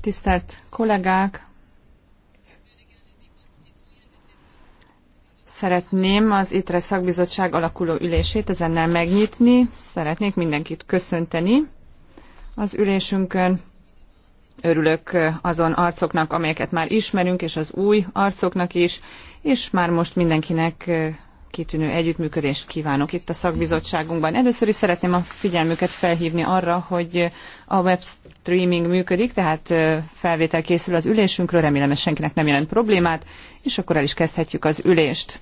Tisztelt kollégák! Szeretném az ITRE szakbizottság alakuló ülését ezennel megnyitni. Szeretnék mindenkit köszönteni az ülésünkön. Örülök azon arcoknak, amelyeket már ismerünk, és az új arcoknak is, és már most mindenkinek kitűnő együttműködést kívánok itt a szakbizottságunkban. Először is szeretném a figyelmüket felhívni arra, hogy a web streaming működik, tehát felvétel készül az ülésünkről, remélem ez senkinek nem jelent problémát, és akkor el is kezdhetjük az ülést.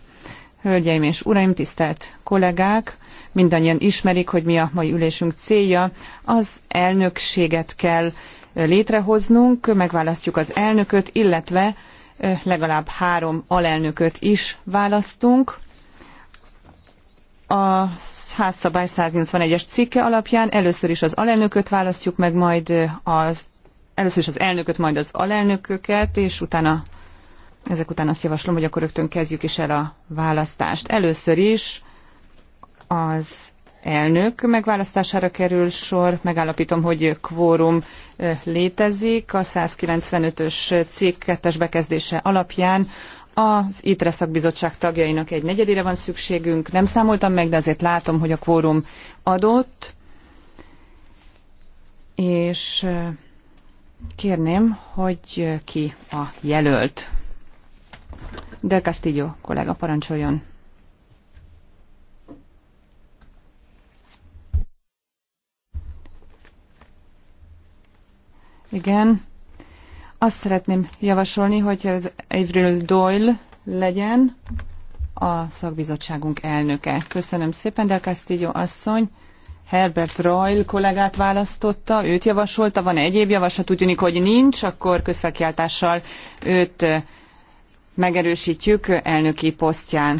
Hölgyeim és uraim, tisztelt kollégák! Mindannyian ismerik, hogy mi a mai ülésünk célja. Az elnökséget kell létrehoznunk, megválasztjuk az elnököt, illetve legalább három alelnököt is választunk a házszabály 181-es cikke alapján először is az alelnököt választjuk meg, majd az, először is az elnököt, majd az alelnököket, és utána ezek után azt javaslom, hogy akkor rögtön kezdjük is el a választást. Először is az elnök megválasztására kerül sor. Megállapítom, hogy kvórum létezik. A 195-ös cikk kettes bekezdése alapján az ITRE szakbizottság tagjainak egy negyedére van szükségünk. Nem számoltam meg, de azért látom, hogy a kvórum adott. És kérném, hogy ki a jelölt. Del Castillo kollega parancsoljon. Igen. Azt szeretném javasolni, hogy Avril Doyle legyen a szakbizottságunk elnöke. Köszönöm szépen, Del Castillo asszony. Herbert Royal kollégát választotta, őt javasolta, van -e egyéb javaslat, úgy tűnik, hogy nincs, akkor közfelkiáltással őt eh, megerősítjük elnöki posztján.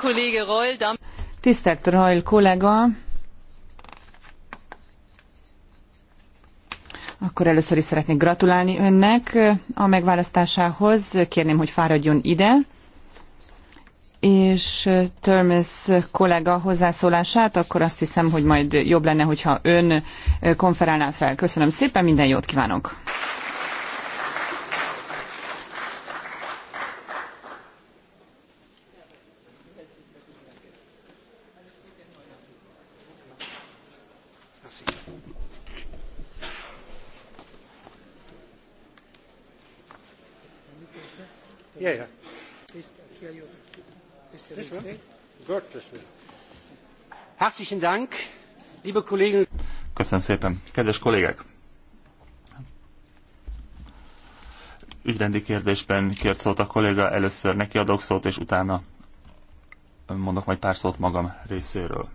Kollege Tisztelt Royal kollega, Akkor először is szeretnék gratulálni önnek a megválasztásához. Kérném, hogy fáradjon ide és Törmes kollega hozzászólását, akkor azt hiszem, hogy majd jobb lenne, hogyha ön konferálná fel. Köszönöm szépen, minden jót kívánok! Köszönöm szépen. Kedves kollégák! Ügyrendi kérdésben kért szót a kolléga, először neki adok szót, és utána mondok majd pár szót magam részéről.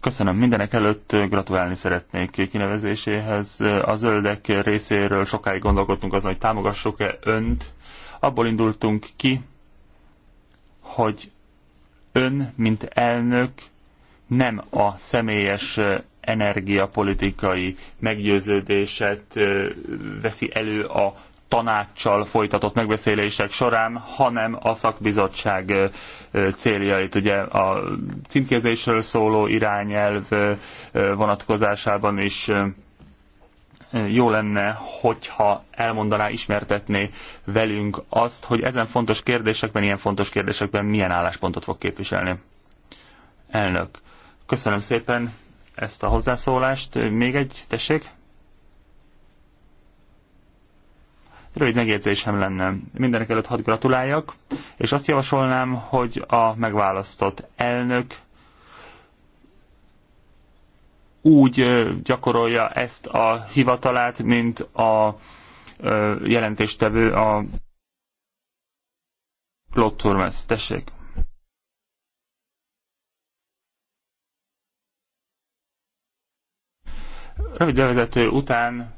Köszönöm. Mindenek előtt gratulálni szeretnék kinevezéséhez. A zöldek részéről sokáig gondolkodtunk azon, hogy támogassuk-e önt. Abból indultunk ki, hogy ön, mint elnök nem a személyes energiapolitikai meggyőződéset veszi elő a tanácssal folytatott megbeszélések során, hanem a szakbizottság céljait. Ugye a címkézésről szóló irányelv vonatkozásában is jó lenne, hogyha elmondaná, ismertetné velünk azt, hogy ezen fontos kérdésekben, ilyen fontos kérdésekben milyen álláspontot fog képviselni. Elnök, köszönöm szépen ezt a hozzászólást. Még egy, tessék? Rövid megjegyzésem lenne. Mindenek előtt hadd gratuláljak, és azt javasolnám, hogy a megválasztott elnök úgy gyakorolja ezt a hivatalát, mint a jelentéstevő a Claude Turmes. Tessék! Rövid bevezető után,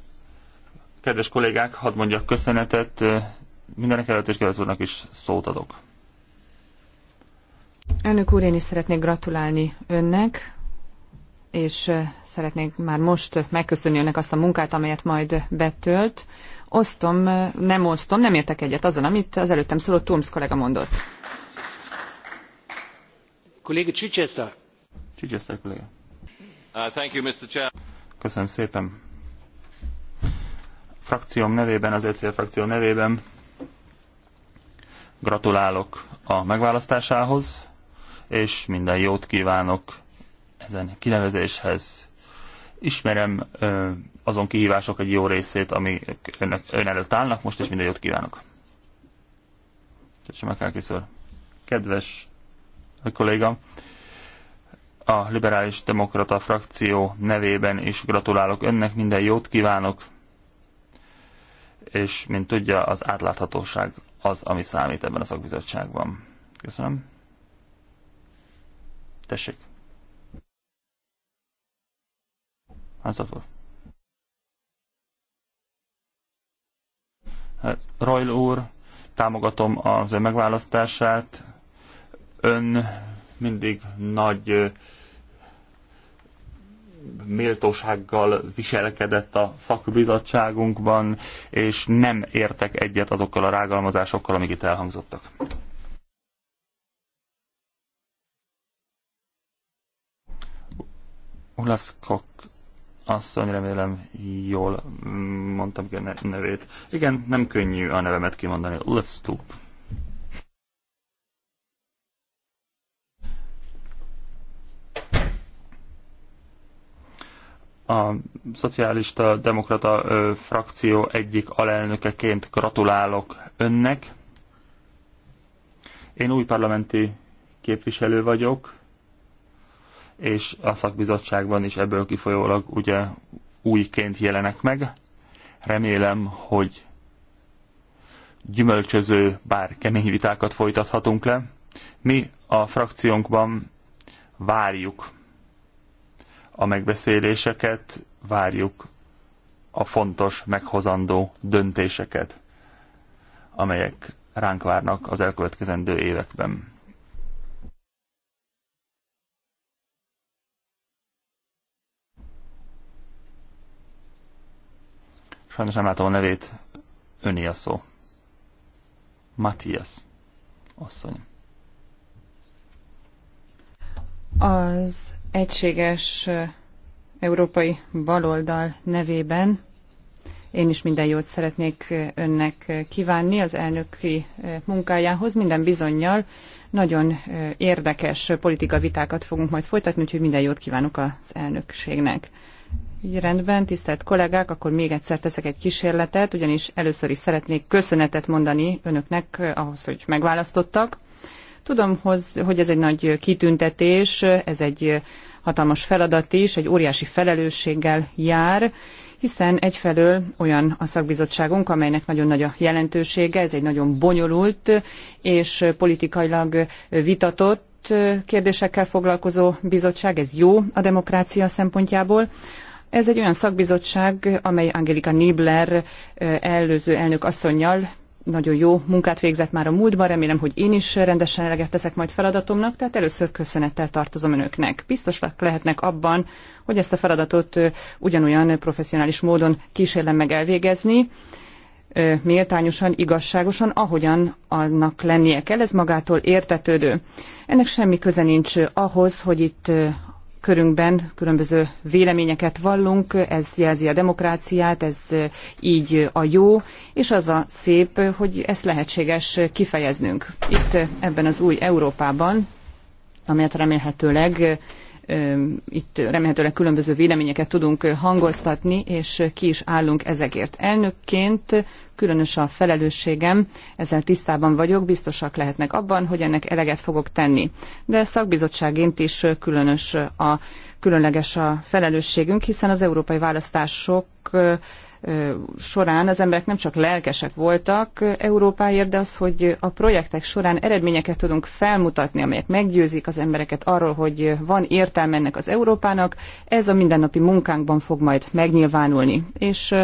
kedves kollégák, hadd mondjak köszönetet, mindenek előtt és kedves úrnak is szót adok. Elnök úr, én is szeretnék gratulálni önnek és szeretnék már most megköszönni önnek azt a munkát, amelyet majd betölt. Osztom, nem osztom, nem értek egyet azon, amit az előttem szóló Turms kollega mondott. Kolléga Chichester. Chichester kolléga. Uh, Köszönöm szépen. Frakcióm nevében, az ECL frakció nevében gratulálok a megválasztásához, és minden jót kívánok ezen kinevezéshez. Ismerem azon kihívások egy jó részét, ami önök, ön előtt állnak, most is minden jót kívánok. Köszönöm, ször. Kedves kolléga, a liberális demokrata frakció nevében is gratulálok önnek, minden jót kívánok, és mint tudja, az átláthatóság az, ami számít ebben a szakbizottságban. Köszönöm. Tessék. Ázafov. Hát, Royal úr, támogatom az ön megválasztását. Ön mindig nagy méltósággal viselkedett a szakbizottságunkban, és nem értek egyet azokkal a rágalmazásokkal, amik itt elhangzottak. Ulaszkok asszony, remélem jól mondtam ki a nevét. Igen, nem könnyű a nevemet kimondani. Let's Stoop. a szocialista demokrata ö, frakció egyik alelnökeként gratulálok önnek. Én új parlamenti képviselő vagyok, és a szakbizottságban is ebből kifolyólag ugye újként jelenek meg. Remélem, hogy gyümölcsöző, bár kemény vitákat folytathatunk le. Mi a frakciónkban várjuk a megbeszéléseket, várjuk a fontos, meghozandó döntéseket, amelyek ránk várnak az elkövetkezendő években. Sajnos nem látom a nevét. Öné a szó. Matthias asszony. Az egységes európai baloldal nevében én is minden jót szeretnék önnek kívánni az elnöki munkájához. Minden bizonyal nagyon érdekes politika vitákat fogunk majd folytatni, úgyhogy minden jót kívánok az elnökségnek. Így rendben, tisztelt kollégák, akkor még egyszer teszek egy kísérletet, ugyanis először is szeretnék köszönetet mondani önöknek eh, ahhoz, hogy megválasztottak. Tudom, hogy ez egy nagy kitüntetés, ez egy eh, hatalmas feladat is, egy óriási felelősséggel jár, hiszen egyfelől olyan a szakbizottságunk, amelynek nagyon nagy a jelentősége, ez egy nagyon bonyolult és politikailag vitatott eh, kérdésekkel foglalkozó bizottság, ez jó a demokrácia szempontjából. Ez egy olyan szakbizottság, amely Angelika Nibler előző elnök asszonynal nagyon jó munkát végzett már a múltban, remélem, hogy én is rendesen eleget teszek majd feladatomnak, tehát először köszönettel tartozom önöknek. Biztosak lehetnek abban, hogy ezt a feladatot ugyanolyan professzionális módon kísérlem meg elvégezni, méltányosan, igazságosan, ahogyan annak lennie kell, ez magától értetődő. Ennek semmi köze nincs ahhoz, hogy itt körünkben különböző véleményeket vallunk, ez jelzi a demokráciát, ez így a jó, és az a szép, hogy ezt lehetséges kifejeznünk. Itt ebben az új Európában, amelyet remélhetőleg itt remélhetőleg különböző véleményeket tudunk hangoztatni, és ki is állunk ezekért. Elnökként különös a felelősségem, ezzel tisztában vagyok, biztosak lehetnek abban, hogy ennek eleget fogok tenni. De szakbizottságént is különös a, különleges a felelősségünk, hiszen az európai választások során az emberek nem csak lelkesek voltak Európáért, de az, hogy a projektek során eredményeket tudunk felmutatni, amelyek meggyőzik az embereket arról, hogy van értelme ennek az Európának, ez a mindennapi munkánkban fog majd megnyilvánulni. És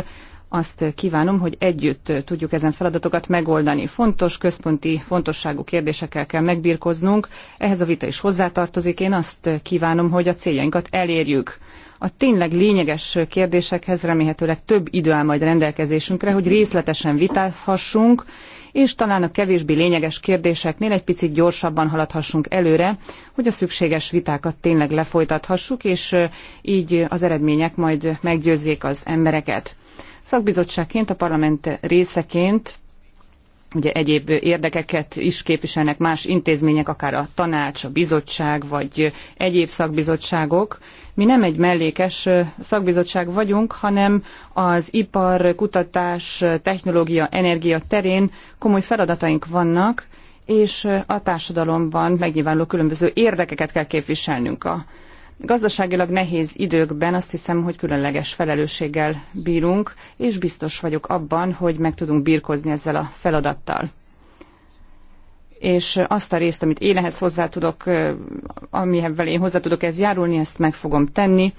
azt kívánom, hogy együtt tudjuk ezen feladatokat megoldani. Fontos, központi, fontosságú kérdésekkel kell megbírkoznunk. Ehhez a vita is hozzátartozik. Én azt kívánom, hogy a céljainkat elérjük. A tényleg lényeges kérdésekhez remélhetőleg több idő áll majd rendelkezésünkre, hogy részletesen vitázhassunk, és talán a kevésbé lényeges kérdéseknél egy picit gyorsabban haladhassunk előre, hogy a szükséges vitákat tényleg lefolytathassuk, és így az eredmények majd meggyőzzék az embereket. Szakbizottságként, a parlament részeként ugye egyéb érdekeket is képviselnek más intézmények, akár a tanács, a bizottság, vagy egyéb szakbizottságok. Mi nem egy mellékes szakbizottság vagyunk, hanem az ipar, kutatás, technológia, energia terén komoly feladataink vannak, és a társadalomban megnyilvánuló különböző érdekeket kell képviselnünk. A Gazdaságilag nehéz időkben azt hiszem, hogy különleges felelősséggel bírunk, és biztos vagyok abban, hogy meg tudunk birkozni ezzel a feladattal. És azt a részt, amit én ehhez hozzá tudok, eh, amivel én hozzá tudok ez járulni, ezt meg fogom tenni,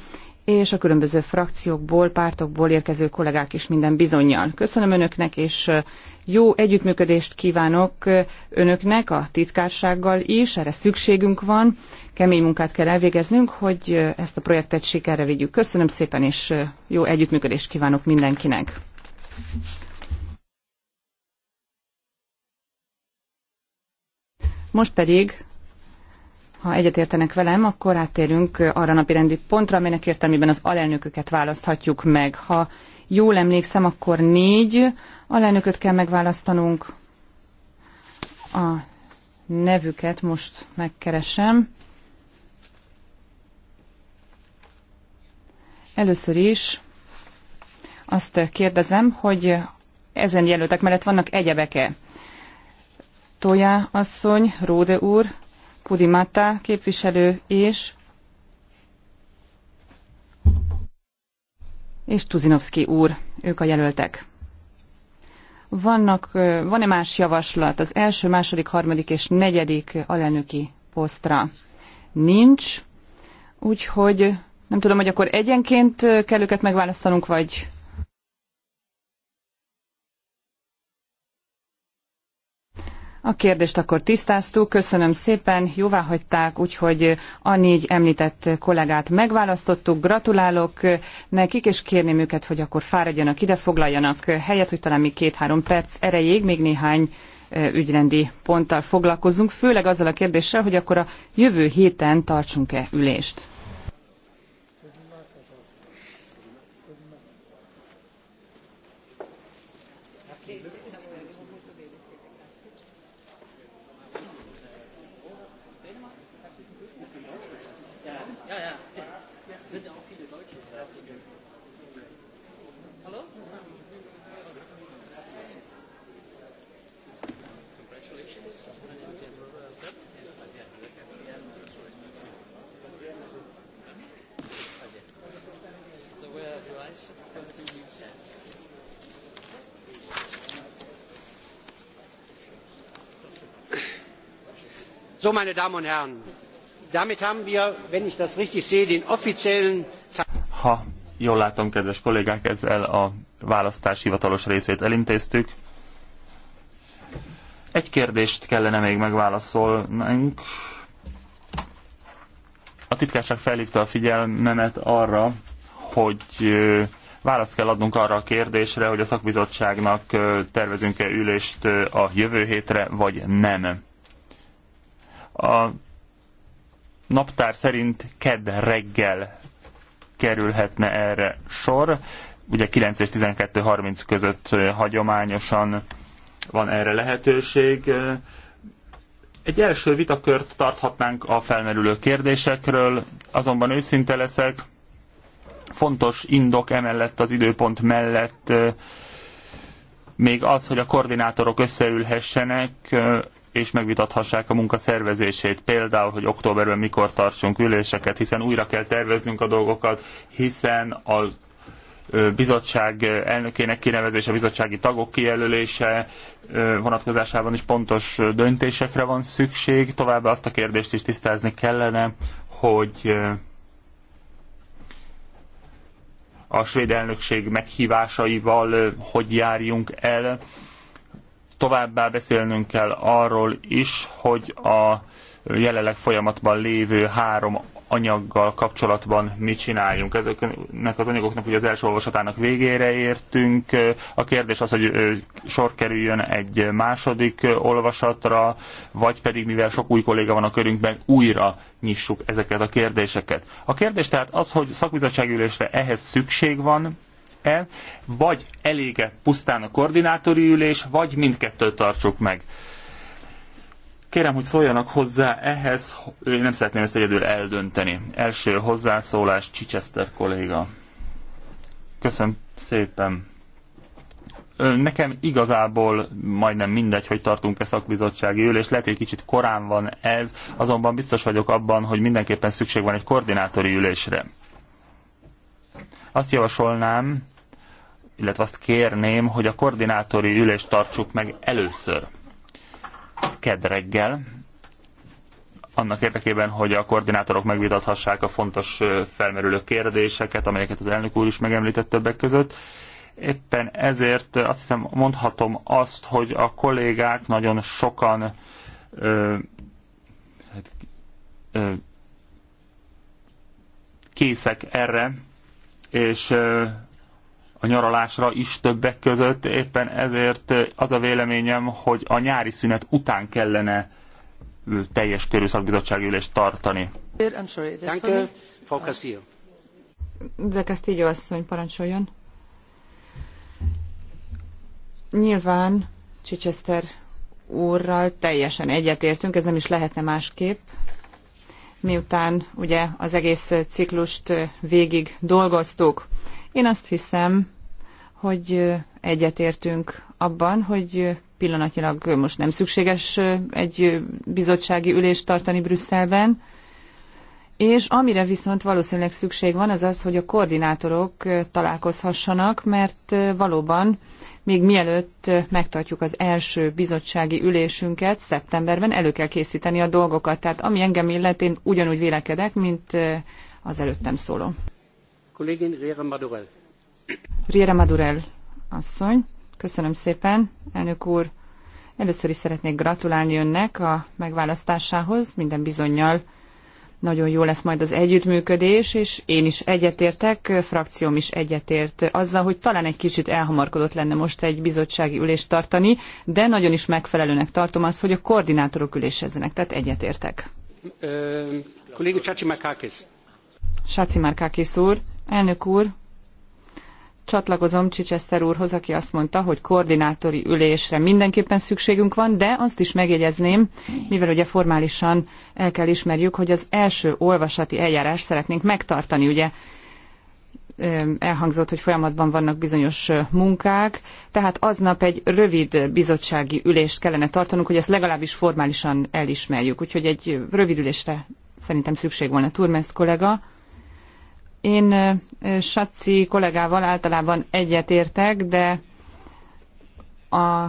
és a különböző frakciókból, pártokból érkező kollégák is minden bizonyjal. Köszönöm önöknek, és jó együttműködést kívánok önöknek, a titkársággal is, erre szükségünk van, kemény munkát kell elvégeznünk, hogy ezt a projektet sikerre vigyük. Köszönöm szépen, és jó együttműködést kívánok mindenkinek. Most pedig ha egyetértenek velem, akkor áttérünk arra napi rendi pontra, amelynek értelmében az alelnököket választhatjuk meg. Ha jól emlékszem, akkor négy alelnököt kell megválasztanunk. A nevüket most megkeresem. Először is azt kérdezem, hogy ezen jelöltek mellett vannak egyebek-e? Tojá asszony, Róde úr, Podimata képviselő és és Tuzinovszki úr, ők a jelöltek. Vannak, van-e más javaslat az első, második, harmadik és negyedik alelnöki posztra? Nincs, úgyhogy nem tudom, hogy akkor egyenként kell őket megválasztanunk, vagy A kérdést akkor tisztáztuk, köszönöm szépen, jóvá hagyták, úgyhogy a négy említett kollégát megválasztottuk, gratulálok nekik, és kérném őket, hogy akkor fáradjanak ide, foglaljanak helyet, hogy talán még két-három perc erejéig még néhány ügyrendi ponttal foglalkozunk, főleg azzal a kérdéssel, hogy akkor a jövő héten tartsunk-e ülést. So, meine Damen und Herren, damit haben wir, wenn ich das richtig sehe, den offiziellen... Ha jól látom, kedves kollégák, ezzel a választás hivatalos részét elintéztük. Egy kérdést kellene még megválaszolnunk. A titkárság felhívta a figyelmemet arra, hogy választ kell adnunk arra a kérdésre, hogy a szakbizottságnak tervezünk-e ülést a jövő hétre, vagy nem. A naptár szerint kedd reggel kerülhetne erre sor. Ugye 9 és 12.30 között hagyományosan van erre lehetőség. Egy első vitakört tarthatnánk a felmerülő kérdésekről, azonban őszinte leszek, fontos indok emellett az időpont mellett még az, hogy a koordinátorok összeülhessenek, és megvitathassák a munka szervezését. Például, hogy októberben mikor tartsunk üléseket, hiszen újra kell terveznünk a dolgokat, hiszen a bizottság elnökének kinevezése, bizottsági tagok kijelölése vonatkozásában is pontos döntésekre van szükség. Továbbá azt a kérdést is tisztázni kellene, hogy a svéd elnökség meghívásaival hogy járjunk el. Továbbá beszélnünk kell arról is, hogy a jelenleg folyamatban lévő három anyaggal kapcsolatban mit csináljunk. Ezeknek az anyagoknak ugye az első olvasatának végére értünk. A kérdés az, hogy sor kerüljön egy második olvasatra, vagy pedig mivel sok új kolléga van a körünkben, újra nyissuk ezeket a kérdéseket. A kérdés tehát az, hogy szakbizottságülésre ehhez szükség van, el, vagy elége pusztán a koordinátori ülés, vagy mindkettőt tartsuk meg. Kérem, hogy szóljanak hozzá ehhez, én nem szeretném ezt egyedül eldönteni. Első hozzászólás Chichester kolléga. Köszönöm szépen. Nekem igazából majdnem mindegy, hogy tartunk-e szakbizottsági ülés, lehet, hogy kicsit korán van ez, azonban biztos vagyok abban, hogy mindenképpen szükség van egy koordinátori ülésre. Azt javasolnám, illetve azt kérném, hogy a koordinátori ülést tartsuk meg először kedd reggel, annak érdekében, hogy a koordinátorok megvitathassák a fontos felmerülő kérdéseket, amelyeket az elnök úr is megemlített többek között. Éppen ezért azt hiszem mondhatom azt, hogy a kollégák nagyon sokan ö, hát, ö, készek erre, és ö, a nyaralásra is többek között. Éppen ezért az a véleményem, hogy a nyári szünet után kellene teljes körű szakbizottsági ülést tartani. De Castillo asszony, parancsoljon. Nyilván Chichester úrral teljesen egyetértünk, ez nem is lehetne másképp. Miután ugye az egész ciklust végig dolgoztuk, én azt hiszem, hogy egyetértünk abban, hogy pillanatnyilag most nem szükséges egy bizottsági ülést tartani Brüsszelben, és amire viszont valószínűleg szükség van, az az, hogy a koordinátorok találkozhassanak, mert valóban még mielőtt megtartjuk az első bizottsági ülésünket szeptemberben, elő kell készíteni a dolgokat. Tehát ami engem illet, én ugyanúgy vélekedek, mint az előttem szóló. Riera Madurell. asszony. Köszönöm szépen, elnök úr. Először is szeretnék gratulálni önnek a megválasztásához. Minden bizonyal nagyon jó lesz majd az együttműködés, és én is egyetértek, frakcióm is egyetért azzal, hogy talán egy kicsit elhamarkodott lenne most egy bizottsági ülést tartani, de nagyon is megfelelőnek tartom azt, hogy a koordinátorok ülésezzenek, tehát egyetértek. Kollégus Csácsi Márkákész. Sáci Márkákész úr. Elnök úr, csatlakozom Csicseszter úrhoz, aki azt mondta, hogy koordinátori ülésre mindenképpen szükségünk van, de azt is megjegyezném, mivel ugye formálisan el kell ismerjük, hogy az első olvasati eljárás szeretnénk megtartani, ugye elhangzott, hogy folyamatban vannak bizonyos munkák, tehát aznap egy rövid bizottsági ülést kellene tartanunk, hogy ezt legalábbis formálisan elismerjük. Úgyhogy egy rövid ülésre szerintem szükség volna. Turmes kollega, én Saci kollégával általában egyetértek, de a,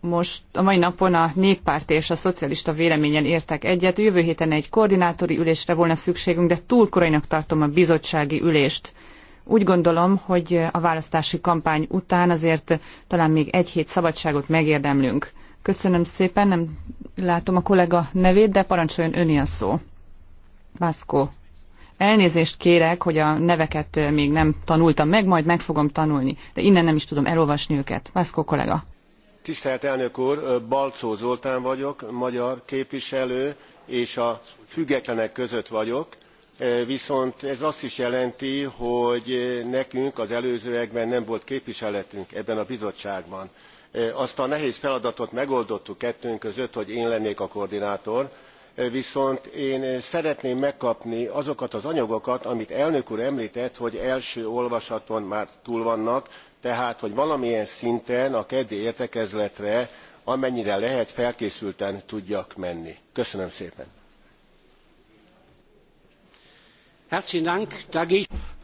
most a mai napon a néppárt és a szocialista véleményen értek egyet. Jövő héten egy koordinátori ülésre volna szükségünk, de túl korainak tartom a bizottsági ülést. Úgy gondolom, hogy a választási kampány után azért talán még egy hét szabadságot megérdemlünk. Köszönöm szépen, nem látom a kollega nevét, de parancsoljon öni a szó. Vászkó Elnézést kérek, hogy a neveket még nem tanultam meg, majd meg fogom tanulni, de innen nem is tudom elolvasni őket. Vászkó kollega. Tisztelt elnök úr, Balcó Zoltán vagyok, magyar képviselő, és a függetlenek között vagyok viszont ez azt is jelenti hogy nekünk az előzőekben nem volt képviseletünk ebben a bizottságban. azt a nehéz feladatot megoldottuk kettőnk között hogy én lennék a koordinátor viszont én eh, szeretném megkapni azokat az anyagokat amit elnök úr emltett hogy első olvasaton már túl vannak tehát hogy valamilyen szinten a keddi értekezletre amennyire lehet felkészülten tudjak menni. köszönöm szépen!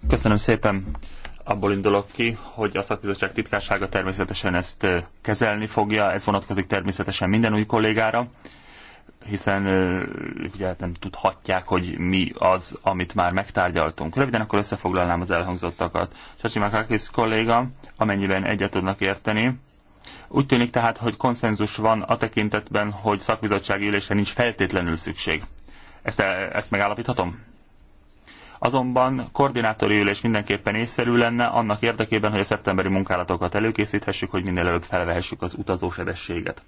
Köszönöm szépen. Abból indulok ki, hogy a szakbizottság titkársága természetesen ezt eh, kezelni fogja, ez vonatkozik természetesen minden új kollégára hiszen ugye nem tudhatják, hogy mi az, amit már megtárgyaltunk. Röviden akkor összefoglalnám az elhangzottakat. Sasi Makakis kolléga, amennyiben egyet tudnak érteni, úgy tűnik tehát, hogy konszenzus van a tekintetben, hogy szakbizottsági ülésre nincs feltétlenül szükség. Ezt, ezt megállapíthatom? Azonban koordinátori ülés mindenképpen észszerű lenne annak érdekében, hogy a szeptemberi munkálatokat előkészíthessük, hogy minél előbb felvehessük az utazósebességet.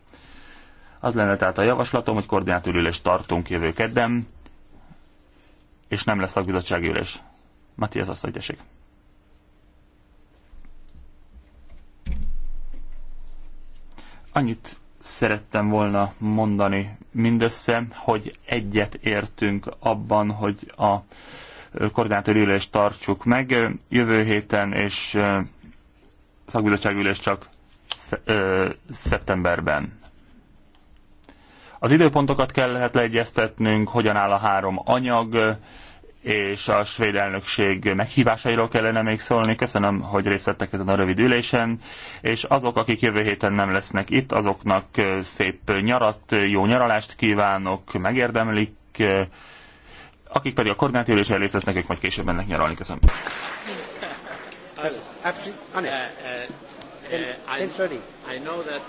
Az lenne tehát a javaslatom, hogy koordinátorülést tartunk jövő kedden, és nem lesz szakbizottsági ülés. Matthias azt mondja, Annyit szerettem volna mondani mindössze, hogy egyet értünk abban, hogy a koordinátorülést tartsuk meg jövő héten, és szakbizottságülés csak szeptemberben. Az időpontokat kell lehet leegyeztetnünk, hogyan áll a három anyag, és a svéd elnökség meghívásairól kellene még szólni. Köszönöm, hogy részt vettek ezen a rövid ülésen, és azok, akik jövő héten nem lesznek itt, azoknak szép nyarat, jó nyaralást kívánok, megérdemlik, akik pedig a koordinátív ülésen részt vesznek, ők majd később mennek nyaralni. Köszönöm. Uh, uh, uh, I know that